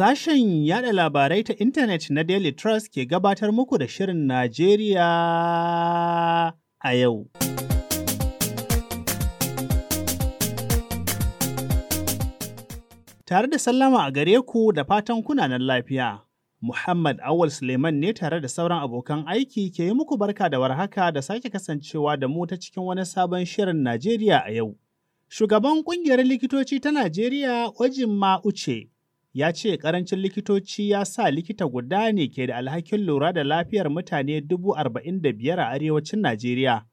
Sashen yada labarai ta intanet na Daily Trust ke gabatar muku da Shirin Najeriya a yau. Tare da sallama a gare ku da fatan kunanan lafiya. Muhammad Awal Suleiman ne tare da sauran abokan aiki ke yi muku barka da warhaka da sake kasancewa da mu ta cikin wani sabon Shirin Najeriya a yau. Shugaban ƙungiyar likitoci ta Najeriya Ojimma Uche. ya ce karancin likitoci ya sa likita guda ne ke da alhakin lura da lafiyar mutane dubu arba'in da biyar a arewacin Najeriya,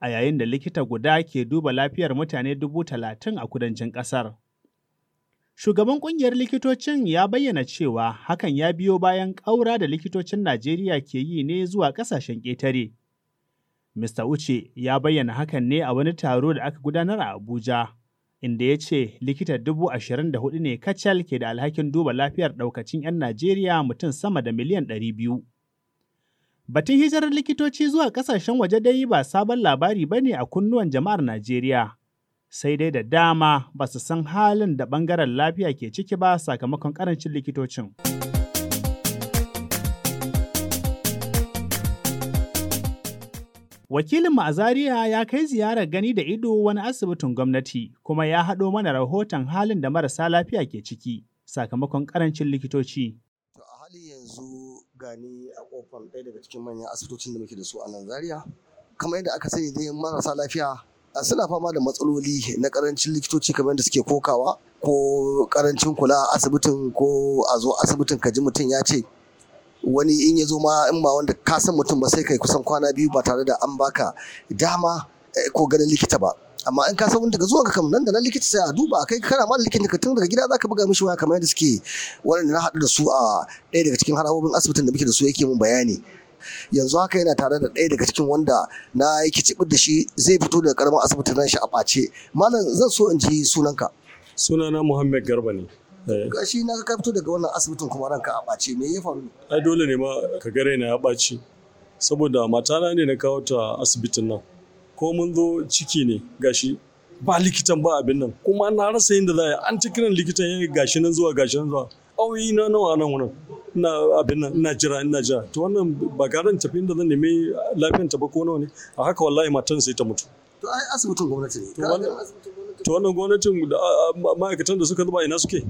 a yayin da likita guda ke duba lafiyar mutane dubu talatin a kudancin ƙasar. Shugaban ƙungiyar likitocin ya bayyana cewa hakan ya biyo bayan ƙaura da likitocin Najeriya ke yi ne zuwa ƙasashen ƙetare. Mr. Uche ya bayyana hakan ne a wani taro da aka gudanar a Abuja. inda ya ce likita dubu ashirin da hudu ne kacal ke da alhakin duba lafiyar daukacin 'yan Najeriya mutum sama da miliyan ɗari biyu. Batun hijirar likitoci zuwa ƙasashen waje dai ba sabon labari ba ne a kunnuwan jama'ar Najeriya, sai dai da dama ba su san halin da ɓangaren lafiya ke ciki ba sakamakon ƙarancin likitocin. Wakilinmu a Zaria ya kai ziyarar gani da ido wani asibitin gwamnati kuma ya haɗo mana rahoton halin da marasa lafiya ke ciki sakamakon ƙarancin likitoci. To a hali yanzu gani a kofar ɗaya daga cikin manyan asibitocin da muke da su a nan Zaria. Kamar yadda aka sani dai marasa lafiya suna fama da matsaloli na ƙarancin likitoci kamar da suke kokawa ko ƙarancin kula a asibitin ko a zo asibitin ka ji mutum ya ce wani in ya zo ma in ba wanda ka san mutum ba sai kai kusan kwana biyu ba tare da an baka dama eh, ko ganin likita ba amma in ka san daga zuwa kamar nan da nan likita sai a duba kai kana ma likita ka tun daga gida zaka buga mishi waya kamar yadda suke wanda na haɗu da su a ɗaya daga cikin harabobin asibitin da muke da su yake mun bayani yanzu haka yana tare da ɗaya daga cikin wanda na yake cibir da shi zai fito daga karamin asibitin nan shi a ɓace malam zan so in ji sunanka sunana muhammad garba ne Eh. gashi na ka fito daga wannan asibitin kuma ranka a ɓace me ya faru ai dole ne ma ka gare raina ya ɓaci saboda na ne na kawo ta asibitin nan ko mun zo ciki ne gashi ba likitan ba abin nan kuma na rasa yin da za a an ta likitan ya eh, gashi nan zuwa gashi nan zuwa auyi na nawa nan wannan na abin nan ina jira ina jira to wannan ba garan tafi inda zan nemi lafiyan ta ba ko nawa ne a haka wallahi matan sai ta mutu to ai asibitin gwamnati ne to wannan gwamnatin da ma'aikatan da suka zuba ina suke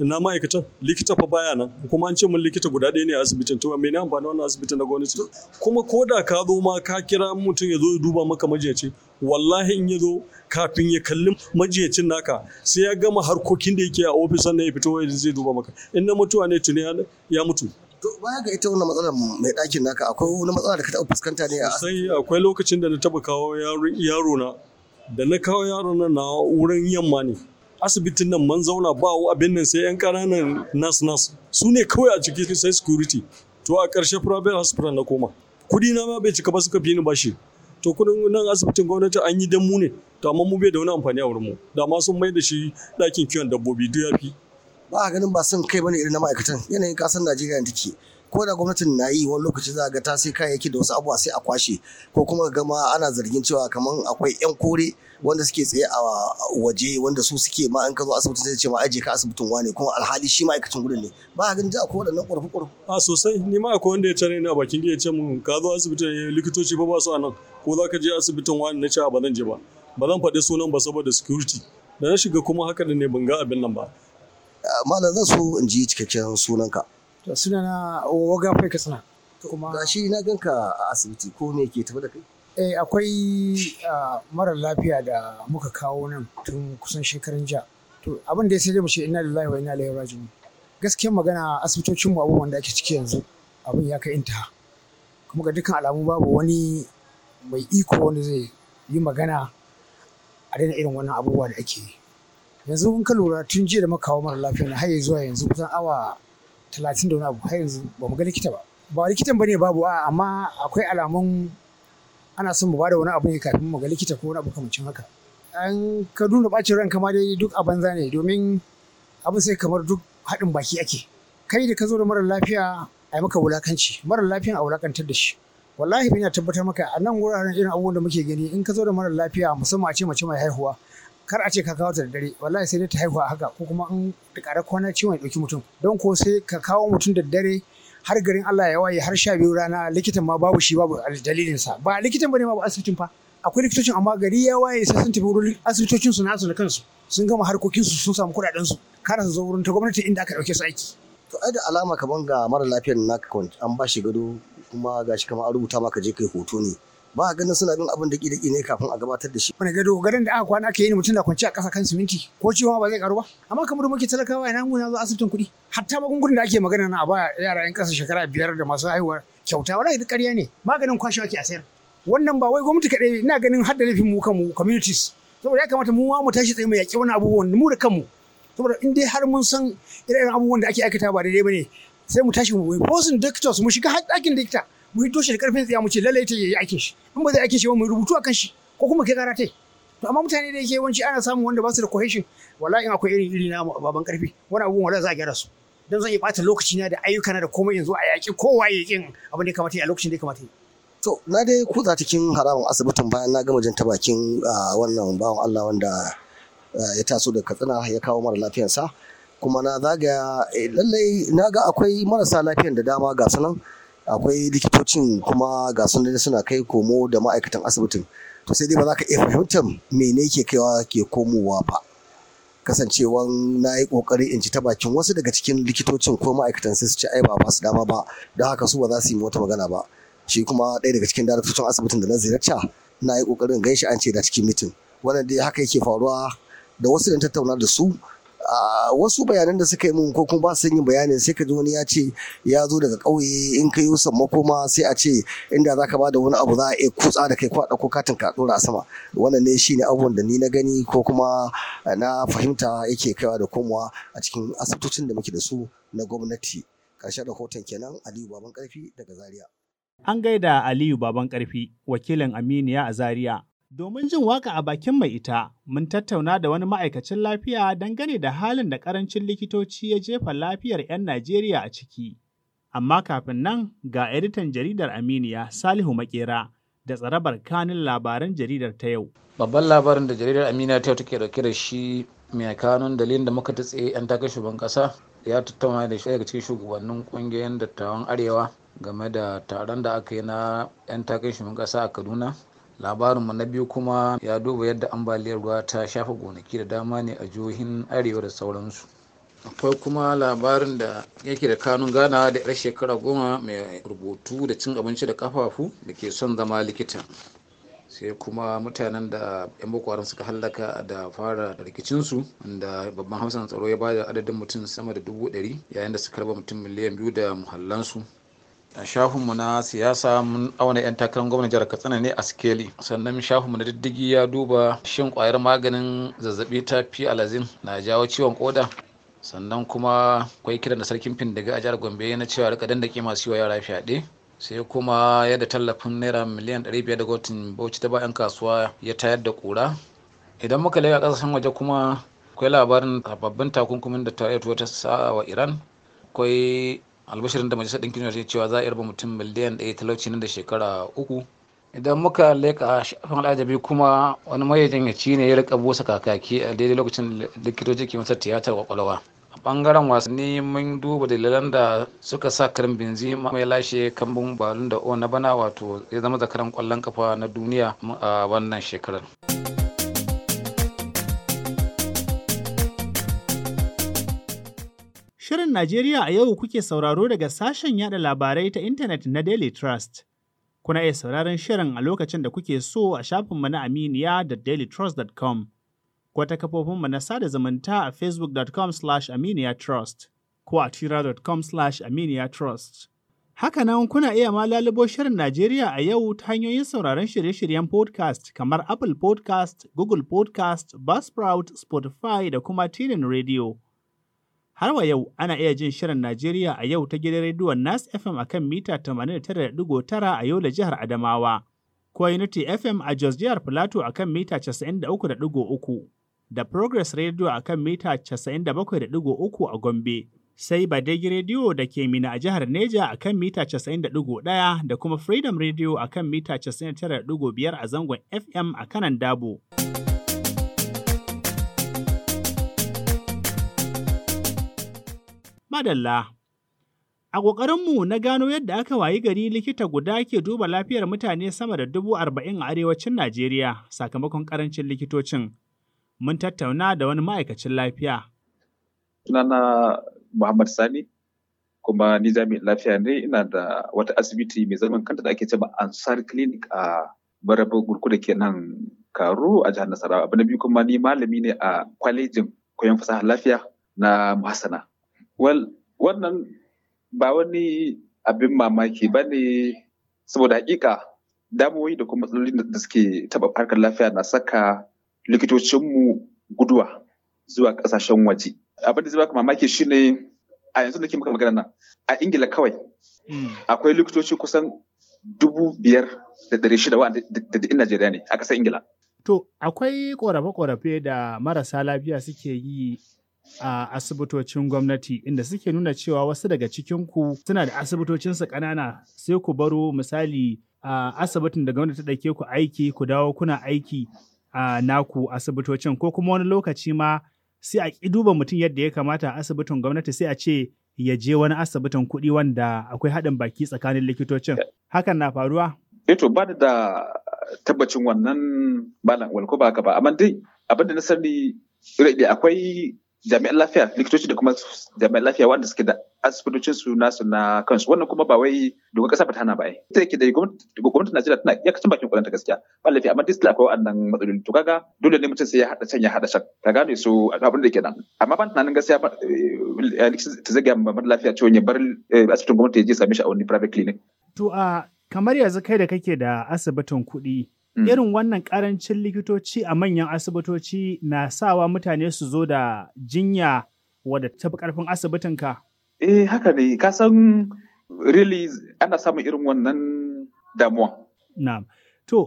ina ma'aikatan likita fa baya nan kuma an ce min likita guda ɗaya ne a asibitin to me ne amfani wannan asibitin na gwamnati kuma ko da ka zo ma ka kira mutum ya zo ya duba maka majiyaci wallahi in ya zo kafin ya kalli majiyacin naka sai ya gama harkokin da yake a ofis sannan ya fito ya zai duba maka in na mutuwa ne tuni ya mutu To baya ga ita wannan matsalar mai ɗakin naka akwai wani matsala da ka taɓa fuskanta ne a sai akwai lokacin da na taɓa kawo yaro na da na kawo yaro na na wurin yamma ne asibitin nan man zauna ba abin nan sai 'yan ƙananan nas nas su ne kawai a ciki sai security to a ƙarshe private hospital na koma kudi na ma bai cika ba suka fi ni bashi to kudin nan asibitin gwamnati an yi dan mu ne to amma mu bai da wani amfani a wurin mu da ma sun mai da shi ɗakin kiwon dabbobi duk ya ba a ganin ba son kai bane irin na ma'aikatan yanayin kasan Najeriya da take ko da gwamnatin na yi wani lokaci za ga ta sai kayayyaki da wasu abubuwa sai a kwashe ko kuma gama ana zargin cewa kamar akwai yan kore wanda suke tsaye a waje wanda su suke ma an kazo asibiti zai ce ma aje ka asibitin wane kuma alhali shi ma'aikacin gudun ne ba a ganin da akwai waɗannan ƙorafi ƙorafi. a sosai ni ma akwai wanda ya tare ni a bakin ya ce mun ka zo asibitin likitoci ba ba su a nan ko za ka je asibitin wani na ce ba zan je ba ba zan faɗi sunan ba saboda security da na shiga kuma haka da ne ban ga abin nan ba. malam zan so in ji cikakken sunanka. To suna na waga fai katsina. Kuma ga shi na ganka a asibiti ko ne ke tafi da kai? Eh akwai ah, marar lafiya da muka kawo nan tun kusan shekarun jiya. To abin da ya sai da mu ce inna lillahi wa inna ilaihi raji'un. Gaskiyar magana asibitocin mu abubuwan da ake ciki yanzu abin ya kai intaha. Kuma ga dukkan alamu babu wani mai iko wanda zai yi magana a daina irin wannan abubuwa da ake yi. Yanzu in ka lura tun jiya da muka kawo mara lafiya na har zuwa yanzu kusan awa talatin da wani abu har yanzu ba mu ga likita ba ba likitan bane babu a amma akwai alamun ana son mu bada wani abu ne kafin mu ga likita ko wani abu kamancin haka an ka nuna bacin ranka ma dai duk a banza ne domin abin sai kamar duk haɗin baki ake kai da ka zo da marar lafiya a yi maka wulakanci marar lafiyan a wulakantar da shi wallahi ina tabbatar maka a nan wuraren irin abubuwan da muke gani in ka zo da marar lafiya musamman a ce mace mai haihuwa kar a ce ka kawo ta da dare wallahi sai dai ta haihuwa haka ko kuma in da ƙara kwana ciwon ya ɗauki mutum don ko sai ka kawo mutum da dare har garin Allah ya waye har sha biyu rana likitan ma babu shi babu dalilin sa ba likitan bane ma ba asibitin fa akwai likitocin amma gari ya waye sai sun tafi wurin asibitocin su nasu da kansu sun gama harkokin su sun samu kuɗaɗen su kana su zo wurin ta gwamnati inda aka ɗauke su aiki to ai da alama kaman ga mara lafiyar naka an ba shi gado kuma gashi kamar an rubuta maka je kai hoto ne ba a ganin suna bin abin da ƙi ne kafin a gabatar da shi. Wani gado garin da aka kwana ake yi mutum na kwanci a ƙasa kan siminti ko ciwon ba zai karu ba amma kamar muke talakawa ina mun zo asibitin kuɗi hatta magungunan da ake magana na a ba yara yan ƙasa shekara biyar da masu haihuwa kyauta wala duk ƙarya ne maganin kwashewa ke a sayar wannan ba wai gwamnati kaɗai ina ganin har da laifin mu kanmu communities saboda ya kamata mu ma mu tashi tsaye mu yaƙi wani abubuwan mu da kanmu saboda in dai har mun san irin abubuwan da ake aikata ba daidai ba ne sai mu tashi mu fosin doctors mu shiga ɗakin likita mu hito shi da karfin ya mu ce lallai ta yi aikin shi in ba zai aikin shi ba mu rubutu akan shi ko kuma kai gara tai to amma mutane da yake yawanci ana samun wanda ba su da cohesion wallahi in akwai irin iri na baban karfi wani abubuwan wallahi za a gyara su dan zan yi bata lokaci na da ayyuka na da komai yanzu a yaki kowa ya yakin abin da ya kamata a lokacin da ya kamata To, na dai kuza cikin haramun asibitin bayan na gama jin ta bakin wannan bawan Allah wanda ya taso da katsina ya kawo mara sa kuma na zaga eh, lallai na ga akwai marasa lafiyar da dama ga sanan akwai likitocin kuma ga sun suna kai komo da ma'aikatan asibitin to sai dai ba za ka iya fahimtar mene ke kaiwa ke komowa ba kasancewan na yi kokari in ci ta bakin wasu daga cikin likitocin ko ma'aikatan sai su ci ai ba ba su dama ba don haka su ba za su yi wata magana ba shi kuma ɗaya daga cikin daraktocin asibitin da na ziyarta na yi kokarin gaishe an ce da cikin mitin wannan dai haka yake faruwa da wasu da tattauna da su wasu bayanan da suka yi mun ko kuma ba su yin bayanin sai ka ji wani ya ce ya zo daga ƙauye in ka yi sammako makoma sai a ce inda za ka ba da wani abu za a iya kutsa da kai ko a ɗauko katin ka ɗora sama wannan ne shine abubuwan da ni na gani ko kuma na fahimta yake kaiwa da komowa a cikin asibitocin da muke da su na gwamnati ƙarshen rahoton kenan aliyu baban ƙarfi daga zaria an gaida aliyu baban ƙarfi wakilin aminiya a zaria Domin jin waka a bakin mai ita, mun tattauna da wani ma'aikacin lafiya dangane da halin da ƙarancin likitoci ya jefa lafiyar 'yan Najeriya a ciki. Amma kafin nan ga editan jaridar Aminiya Salihu Makera da tsarabar kanin labaran jaridar ta yau. Babban labarin da jaridar Aminiya ta yau take dauke da shi mai kanun dalilin da muka tsaye 'yan takashin shugaban ya tattauna da shi daga cikin shugabannin ƙungiyoyin dattawan Arewa game da taron da aka yi na 'yan takashin shugaban ƙasa a Kaduna labarinmu na biyu kuma ya duba yadda ambaliyar ruwa ta shafa gonaki da dama ne a jihohin arewa da sauransu akwai kuma labarin da yake da kanun gana da 'yar shekara goma mai rubutu da cin abinci da kafafu da ke son zama likita sai kuma mutanen da 'yan bukwarin suka hallaka da fara rikicinsu inda babban hausa tsaro ya bada adadin mutum sama da dubu ɗari yayin da suka raba mutum miliyan biyu da muhallansu a shafinmu na siyasa mun auna 'yan takarar gwamnan jihar katsina ne a sikeli sannan shafinmu na diddigi ya duba shin kwayar maganin zazzabi ta fi alazin na jawo ciwon koda sannan kuma akwai kiran da sarkin findiga a jihar gombe na cewa rika dandake masu wa yara fyaɗe sai kuma yadda tallafin naira miliyan 500 da gwamnatin bauchi ta bayan kasuwa ya tayar da kura idan muka a kasashen waje kuma akwai labarin babban takunkumin da ta sa'a wa iran akwai albashirin da majalisar ɗinkin duniya cewa za a yarba mutum miliyan ɗaya talauci nan da shekara uku idan muka leka shafin al'ajabi kuma wani mayajinyaci ne ya rika busa kakaki a daidai lokacin likitoci ke masa tiyatar kwakwalwa a bangaren wasanni mun duba dalilan da suka sa karin binzi mai lashe kambun balun da o na bana wato ya zama zakaran kwallon kafa na duniya a wannan shekarar. Shirin Najeriya a yau kuke sauraro daga sashen yada labarai ta intanet na Daily Trust. Kuna iya sauraron shirin a lokacin da kuke so a shafinmu na Aminiya da dailytrust.com ko ta kafofinmu na sada zumunta a facebook.com slash aminiyatrust ko a tira.com slash aminiyatrust. Hakanan kuna iya ma lalubo shirin Najeriya a yau ta hanyoyin sauraron shirye-shiryen podcast kamar Apple Podcast, Google Podcast, Buzzsprout, Spotify da kuma Tunin Radio. Har wa yau ana iya jin shirin Najeriya a yau ta gidan rediyon Nas FM a kan mita 89.9 a yau da jihar Adamawa, ko Unity FM a Jos jihar Filato a kan mita 93.3, da Progress Radio a kan mita 97.3 a Gombe, sai Badegi Radio da ke mina a jihar Neja a kan mita 90.1 da kuma Freedom Radio a kan mita 99.5 a zangon FM a kanan Dabo. madalla. A ƙoƙarinmu na gano yadda aka wayi gari likita guda ke duba lafiyar mutane sama da dubu arba'in a arewacin Najeriya sakamakon ƙarancin likitocin. Mun tattauna da wani ma'aikacin lafiya. Sunana Muhammad Sani, kuma ni jami'in lafiya ne ina da wata asibiti mai zaman kanta da ake ba Ansar Clinic a Baraba Gurku da ke nan Karo a jihar Nasarawa. Abu na biyu kuma ni malami ne a kwalejin koyon fasahar lafiya na Muhassana. Well, wannan ba wani abin mamaki ba ne saboda hakika damuwoyi da kuma matsalolin da suke taɓa harkar lafiya na saka likitocinmu guduwa zuwa ƙasashen waje. Abin da zai baka mamaki shine a yanzu da ke maka magana nan a Ingila kawai hmm. akwai likitoci kusan dubu biyar da ɗari shida wa da in Najeriya ne a ƙasar Ingila. To, akwai ƙorafe-ƙorafe da marasa lafiya suke yi a asibitocin gwamnati inda suke nuna cewa wasu daga cikinku suna da asibitocinsu ƙanana sai ku baro misali a asibitin da gwamnati ta ɗauke ku aiki ku dawo kuna aiki a naku asibitocin ko kuma wani lokaci ma sai a ƙi duba mutum yadda ya kamata a asibitin gwamnati sai a ce ya je wani asibitin kuɗi wanda akwai haɗin baki tsakanin likitocin hakan na faruwa? Eto eh ba da tabbacin wannan malam walko ba ka ba amma dai abin da na sani akwai jami'an lafiya likitoci da kuma jami'an lafiya wanda suke da asibitocin su nasu na kansu wannan kuma ba wai doka kasa ba tana ba ai ita yake da gwamnatin Najeriya tana iyakacin bakin kwanan ta gaskiya ba lafiya amma duk akwai wannan matsaloli to kaga dole ne mutum sai ya hada can ya hada shan. Ta gane su abin da ke nan amma ban tunanin gaskiya ba eh, ta zaga mamar lafiya cewa ya bar eh, asibitin gwamnati ya je same shi a wani private clinic to a kamar yanzu kai da kake da asibitin kuɗi Mm. Irin wannan karancin likitoci a manyan asibitoci na sawa mutane su zo da jinya wadda ta fi asibitin asibitinka? Eh haka ne, kasan really ana samun irin wannan damuwa. Na'am. To,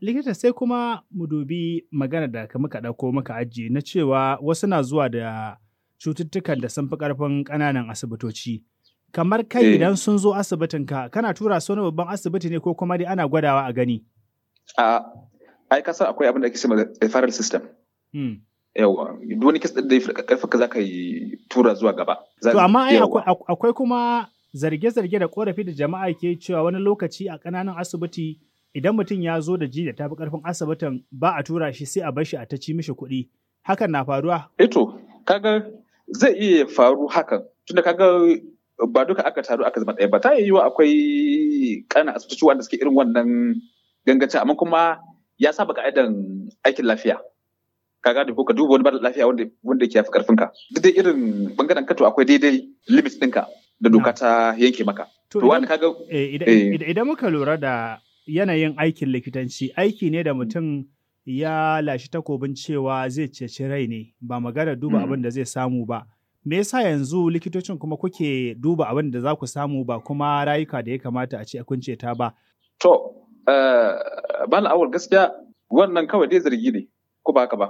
likita sai kuma mu dubi magana da muka ɗauko muka ajiye na cewa wasu na zuwa da cututtukan da sun fi karfin ƙananan asibitoci. Kamar kai eh. idan sun zo asibitinka, kana tura su wani babban asibiti ne ko kuma dai ana gwadawa a gani? a ai kasar akwai abin da ake cewa referral system hmm. yawa duk wani kasar da karfaka za ka yi tura zuwa gaba to amma ai akwai kuma zarge-zarge da korafi da jama'a ke cewa wani lokaci a ƙananan asibiti idan mutum ya zo da ji da tafi karfin asibitin ba a tura shi sai a bar shi a ta ci mishi kuɗi hakan na faruwa eto eh kaga zai iya faru hakan tunda kaga ba duka aka taru aka zama ɗaya ba ta yiwuwa akwai ƙananan asibitoci wanda suke irin wannan gangance amma kuma ya saba ka'idan aikin lafiya ka gane ko ka duba wani bada lafiya wanda wanda ke yafi karfin ka duk dai irin bangaren kato akwai daidai limit ɗinka da doka ta yanke maka to wanda kaga eh, eh. idan muka lura da yanayin aikin likitanci aiki ne da mutum ya lashi takobin cewa zai ceci rai ne ba magana duba mm. abin da zai samu ba me yasa yanzu likitocin kuma kuke duba abin da za ku samu ba kuma rayuka da ya kamata a ce kun ta ba to bal eh, awal gaskiya wannan kawai dai zargi ne ko ba ka ba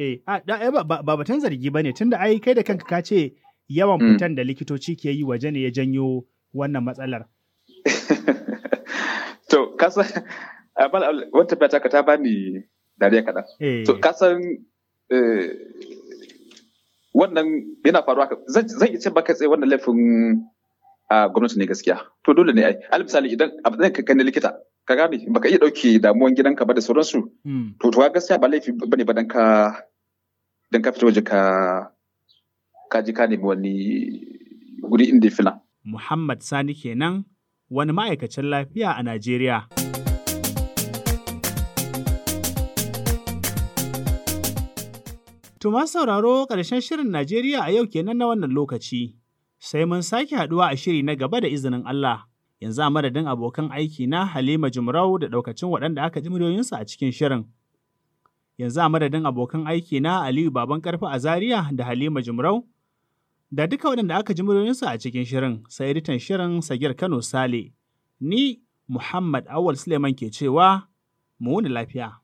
eh a ba batun zargi bane tunda ai kai da kanka ka ce yawan mm. fitan da likitoci ke yi waje ne ya janyo wannan matsalar to kasan bal awal wata fata ka ta bani dariya kaɗan eh. to kasan eh, wannan yana faruwa ka, zan iya ce baka tsaye wannan laifin gwamnati ne gaskiya to dole ne ai alal misali idan abin ka gani likita ka gane baka iya dauke damuwan gidanka ba da sauransu hmm. to to gaskiya ba laifi bane ba dan ka dan ka fita waje ka ka ji ka nemi wani guri inda fila Muhammad Sani kenan wani ma'aikacin lafiya a Najeriya Tuma sauraro ƙarshen shirin Najeriya a yau kenan na wannan lokaci, sai mun sake haɗuwa a shiri na gaba da izinin Allah. yanzu a madadin abokan aiki na Halima Jumrau da ɗaukacin waɗanda aka ji muryoyinsu a cikin shirin. Yanzu a madadin abokan aiki na Aliyu Baban Karfi a Zaria da Halima Jumrau da duka waɗanda aka ji muryoyinsu a cikin shirin sai editan shirin Sagir Kano Sale. Ni Muhammad Awal Suleiman ke cewa mu wuni lafiya.